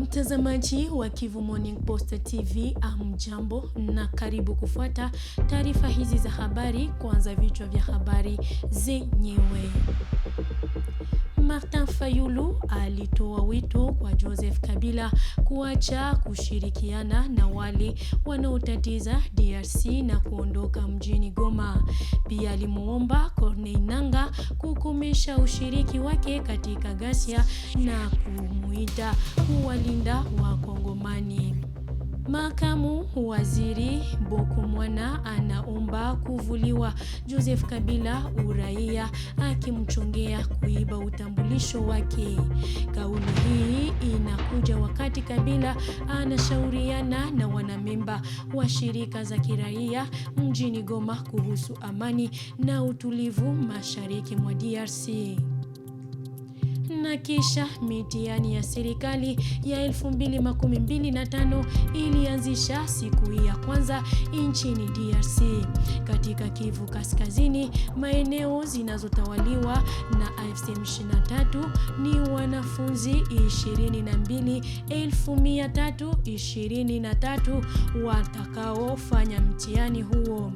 Mtazamaji wa Kivu Morning Post TV, amjambo na karibu kufuata taarifa hizi za habari. Kwanza vichwa vya habari zenyewe. Martin Fayulu alitoa wito kwa Joseph Kabila kuacha kushirikiana na wale wanaotatiza DRC na kuondoka mjini Goma. Pia alimuomba Corneille Nangaa kukomesha ushiriki wake katika ghasia na ku kulinda kuwalinda Wakongomani. Makamu waziri Boku Mwana anaomba kuvuliwa Joseph Kabila uraia akimchongea kuiba utambulisho wake. Kauli hii inakuja wakati Kabila anashauriana na wanamemba wa shirika za kiraia mjini Goma kuhusu amani na utulivu mashariki mwa DRC na kisha mitihani ya serikali ya 2025 ilianzisha siku hii ya kwanza nchini DRC katika Kivu Kaskazini. Maeneo zinazotawaliwa na AFC M23 ni wanafunzi 22323 watakaofanya mtihani huo.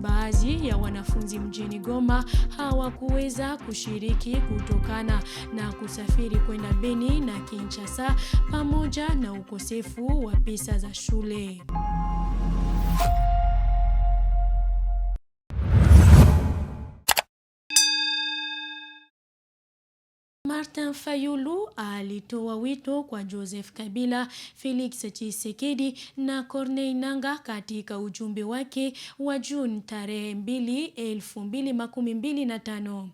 Baadhi ya wanafunzi mjini Goma hawakuweza kushiriki kutokana na kusafiri kwenda Beni na Kinshasa pamoja na ukosefu wa pesa za shule. Fayulu alitoa wito kwa Joseph Kabila, Felix Tshisekedi na Corneille Nangaa katika ujumbe wake wa Juni tarehe 2,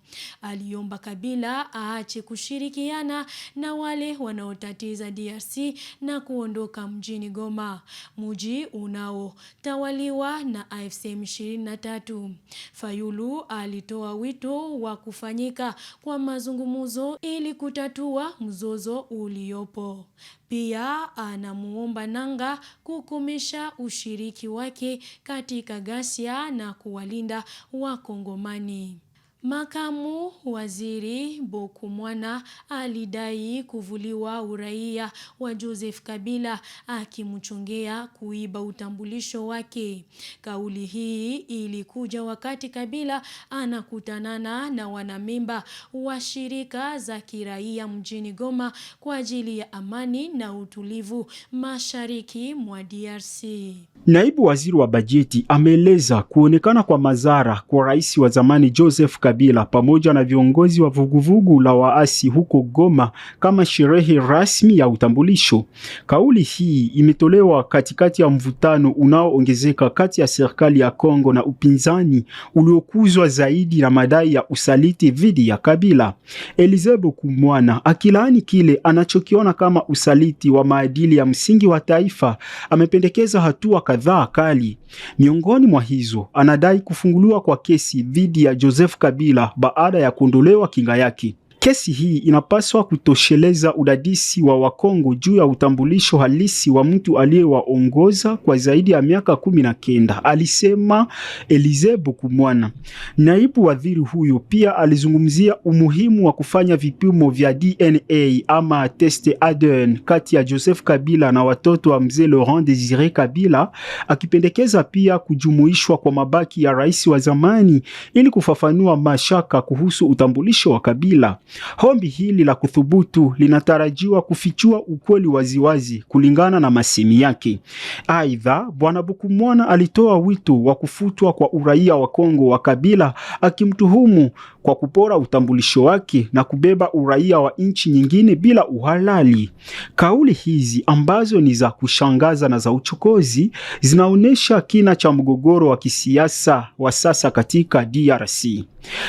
Aliomba Kabila aache kushirikiana na wale wanaotatiza DRC na kuondoka mjini Goma, mji unaotawaliwa na AFC M23. Fayulu alitoa wito wa kufanyika kwa mazungumzo ili kutatua mzozo uliopo. Pia ah, anamuomba Nanga kukomesha ushiriki wake katika ghasia na kuwalinda Wakongomani. Makamu Waziri Bokumwana alidai kuvuliwa uraia wa Joseph Kabila akimchongea kuiba utambulisho wake. Kauli hii ilikuja wakati Kabila anakutanana na wanamemba wa shirika za kiraia mjini Goma kwa ajili ya amani na utulivu mashariki mwa DRC. Naibu Waziri wa Bajeti ameeleza kuonekana kwa madhara kwa rais wa zamani Joseph Kabila Kabila pamoja na viongozi wa vuguvugu la waasi huko Goma kama sherehe rasmi ya utambulisho. Kauli hii imetolewa katikati ya mvutano unaoongezeka kati ya serikali ya Kongo na upinzani uliokuzwa zaidi na madai ya usaliti dhidi ya Kabila. Elisee Kumwana akilaani kile anachokiona kama usaliti wa maadili ya msingi wa taifa, amependekeza hatua kadhaa kali. Miongoni mwa hizo, anadai kufunguliwa kwa kesi dhidi ya Joseph Kabila Kabila baada ya kuondolewa kinga yake. Kesi hii inapaswa kutosheleza udadisi wa Wakongo juu ya utambulisho halisi wa mtu aliyewaongoza kwa zaidi ya miaka kumi na kenda, alisema Elize Bukumwana. Naibu waziri huyo pia alizungumzia umuhimu wa kufanya vipimo vya DNA ama teste ADN kati ya Joseph Kabila na watoto wa mzee Laurent Desire Kabila, akipendekeza pia kujumuishwa kwa mabaki ya rais wa zamani ili kufafanua mashaka kuhusu utambulisho wa Kabila. Ombi hili la kuthubutu linatarajiwa kufichua ukweli waziwazi kulingana na masemi yake. Aidha, Bwana Bukumwana alitoa wito wa kufutwa kwa uraia wa Kongo wa Kabila akimtuhumu kwa kupora utambulisho wake na kubeba uraia wa nchi nyingine bila uhalali. Kauli hizi ambazo ni za kushangaza na za uchokozi zinaonyesha kina cha mgogoro wa kisiasa wa sasa katika DRC.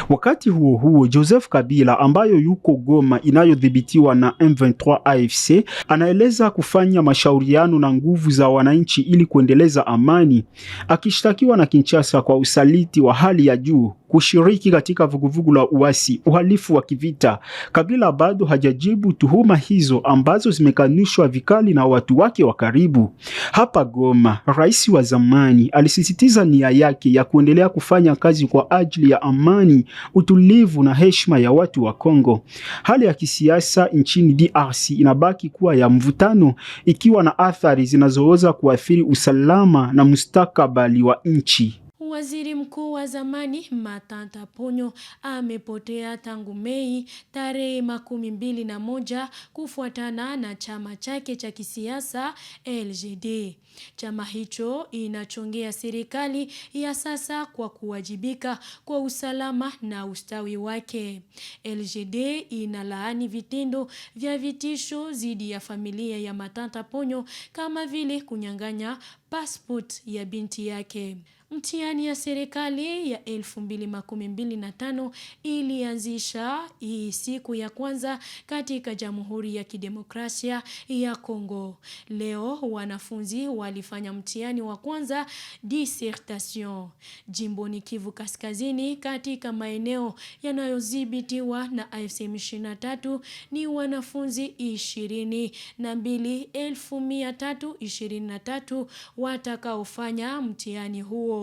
Wakati huo huo, Joseph Kabila ambayo yuko Goma inayodhibitiwa na M23 AFC anaeleza kufanya mashauriano na nguvu za wananchi ili kuendeleza amani, akishtakiwa na Kinshasa kwa usaliti wa hali ya juu kushiriki katika vuguvugu la uasi, uhalifu wa kivita. Kabila bado hajajibu tuhuma hizo ambazo zimekanushwa vikali na watu wake wa karibu. Hapa Goma, rais wa zamani alisisitiza nia yake ya kuendelea kufanya kazi kwa ajili ya amani, utulivu na heshima ya watu wa Kongo. Hali ya kisiasa nchini DRC inabaki kuwa ya mvutano, ikiwa na athari zinazoweza kuathiri usalama na mustakabali wa nchi. Waziri mkuu wa zamani Matata Ponyo amepotea tangu Mei tarehe makumi mbili na moja kufuatana na chama chake cha kisiasa LGD. Chama hicho inachongea serikali ya sasa kwa kuwajibika kwa usalama na ustawi wake. LGD inalaani vitendo vya vitisho dhidi ya familia ya Matata Ponyo kama vile kunyang'anya passport ya binti yake. Mtihani ya serikali ya 2025 ilianzisha hii siku ya kwanza katika Jamhuri ya Kidemokrasia ya Kongo. Leo wanafunzi walifanya mtihani wa kwanza dissertation jimboni Kivu Kaskazini, katika maeneo yanayodhibitiwa na AFC M23 ni wanafunzi 22,323 watakaofanya mtihani huo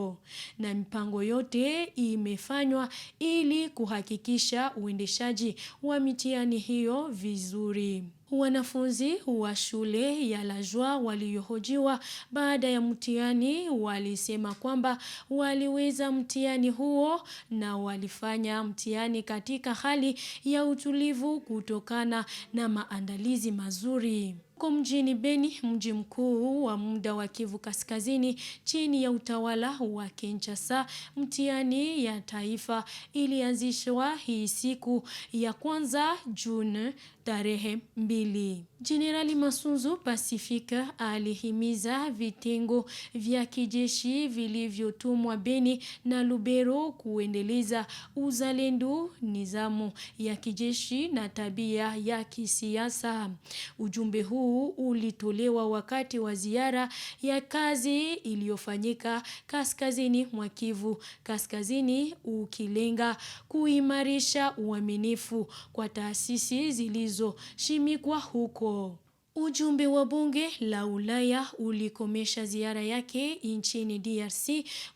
na mipango yote imefanywa ili kuhakikisha uendeshaji wa mitihani hiyo vizuri. Wanafunzi wa shule ya la Lajwa waliohojiwa baada ya mtihani walisema kwamba waliweza mtihani huo na walifanya mtihani katika hali ya utulivu kutokana na maandalizi mazuri. Huko mjini Beni, mji mkuu wa muda wa Kivu Kaskazini, chini ya utawala wa Kinshasa, mtihani ya taifa ilianzishwa hii siku ya kwanza Juni tarehe mbili. Lili, Jenerali Masunzu Pacifique alihimiza vitengo vya kijeshi vilivyotumwa Beni na Lubero kuendeleza uzalendo, nizamu ya kijeshi na tabia ya kisiasa. Ujumbe huu ulitolewa wakati wa ziara ya kazi iliyofanyika kaskazini mwa Kivu Kaskazini, ukilenga kuimarisha uaminifu kwa taasisi zilizoshimikwa huko huo. Ujumbe wa bunge la Ulaya ulikomesha ziara yake nchini DRC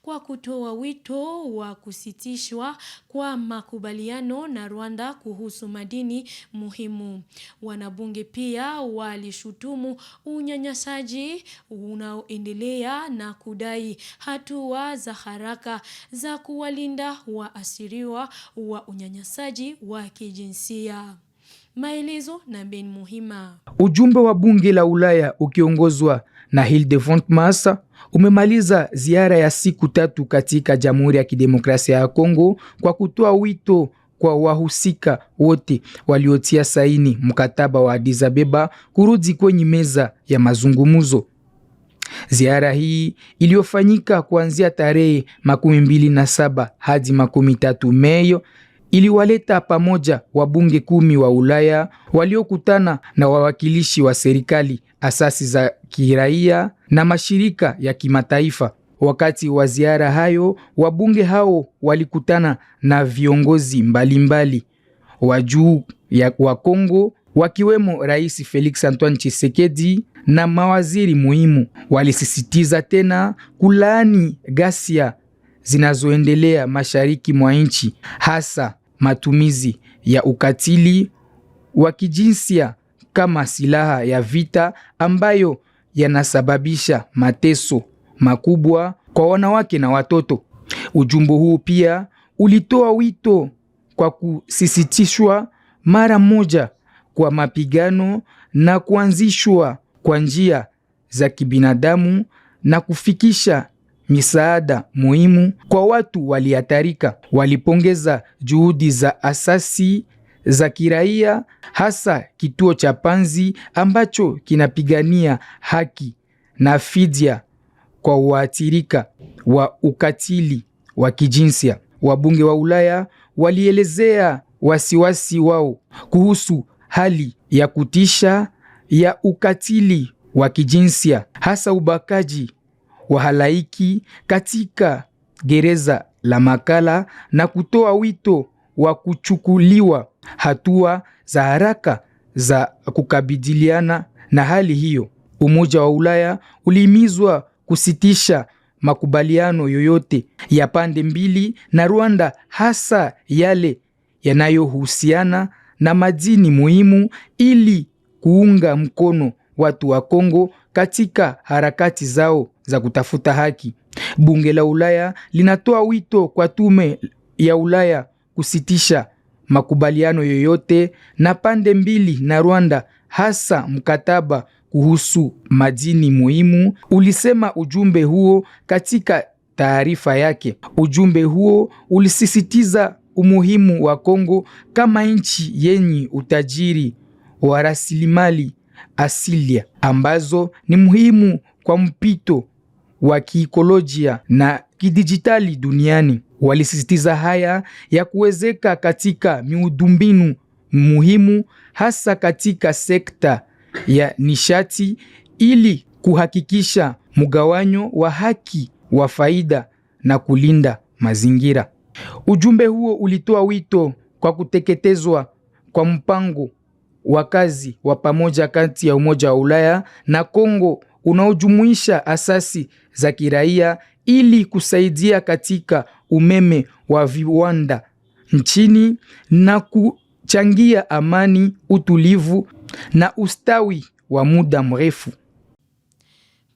kwa kutoa wito wa kusitishwa kwa makubaliano na Rwanda kuhusu madini muhimu. Wanabunge pia walishutumu unyanyasaji unaoendelea na kudai hatua za haraka za kuwalinda waasiriwa wa unyanyasaji wa kijinsia maelezo na Ben Muhima. Ujumbe wa bunge la Ulaya ukiongozwa na Hildevrand Massa umemaliza ziara ya siku tatu katika Jamhuri ya Kidemokrasia ya Kongo kwa kutoa wito kwa wahusika wote waliotia saini mkataba wa Addis Ababa kurudi kwenye meza ya mazungumzo. Ziara hii iliyofanyika kuanzia tarehe makumi mbili na saba hadi makumi tatu Mei iliwaleta pamoja wabunge kumi wa Ulaya waliokutana na wawakilishi wa serikali, asasi za kiraia na mashirika ya kimataifa. Wakati wa ziara hayo, wabunge hao walikutana na viongozi mbalimbali wa juu wa Kongo wakiwemo Rais Felix Antoine Tshisekedi na mawaziri muhimu. Walisisitiza tena kulaani ghasia zinazoendelea mashariki mwa nchi hasa matumizi ya ukatili wa kijinsia kama silaha ya vita ambayo yanasababisha mateso makubwa kwa wanawake na watoto. Ujumbe huu pia ulitoa wito kwa kusisitishwa mara moja kwa mapigano na kuanzishwa kwa njia za kibinadamu na kufikisha misaada muhimu kwa watu walihatarika Walipongeza juhudi za asasi za kiraia, hasa kituo cha Panzi ambacho kinapigania haki na fidia kwa waathirika wa ukatili wa kijinsia. Wabunge wa Ulaya walielezea wasiwasi wao kuhusu hali ya kutisha ya ukatili wa kijinsia hasa ubakaji wahalaiki katika gereza la Makala na kutoa wito wa kuchukuliwa hatua za haraka za kukabidiliana na hali hiyo. Umoja wa Ulaya ulihimizwa kusitisha makubaliano yoyote ya pande mbili na Rwanda, hasa yale yanayohusiana na madini muhimu ili kuunga mkono watu wa Kongo katika harakati zao za kutafuta haki. Bunge la Ulaya linatoa wito kwa tume ya Ulaya kusitisha makubaliano yoyote na pande mbili na Rwanda, hasa mkataba kuhusu madini muhimu, ulisema ujumbe huo katika taarifa yake. Ujumbe huo ulisisitiza umuhimu wa Kongo kama nchi yenye utajiri wa rasilimali asilia ambazo ni muhimu kwa mpito wa kiikolojia na kidijitali duniani. Walisisitiza haya ya kuwezeka katika miundombinu muhimu, hasa katika sekta ya nishati ili kuhakikisha mgawanyo wa haki wa faida na kulinda mazingira. Ujumbe huo ulitoa wito kwa kuteketezwa kwa mpango wa kazi wa pamoja kati ya Umoja wa Ulaya na Kongo unaojumuisha asasi za kiraia ili kusaidia katika umeme wa viwanda nchini na kuchangia amani, utulivu na ustawi wa muda mrefu.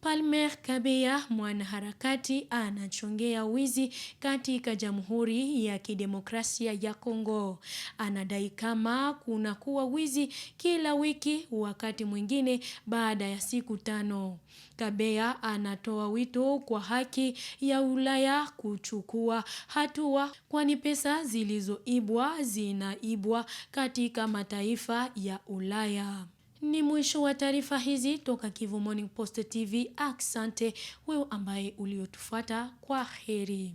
Palmer Kabeya, mwanaharakati anachongea wizi katika Jamhuri ya Kidemokrasia ya Kongo, anadai kama kunakuwa wizi kila wiki, wakati mwingine baada ya siku tano. Kabeya anatoa wito kwa haki ya Ulaya kuchukua hatua, kwani pesa zilizoibwa zinaibwa katika mataifa ya Ulaya. Ni mwisho wa taarifa hizi toka Kivu Morning Post TV. Asante wewe ambaye uliotufuata, kwa heri.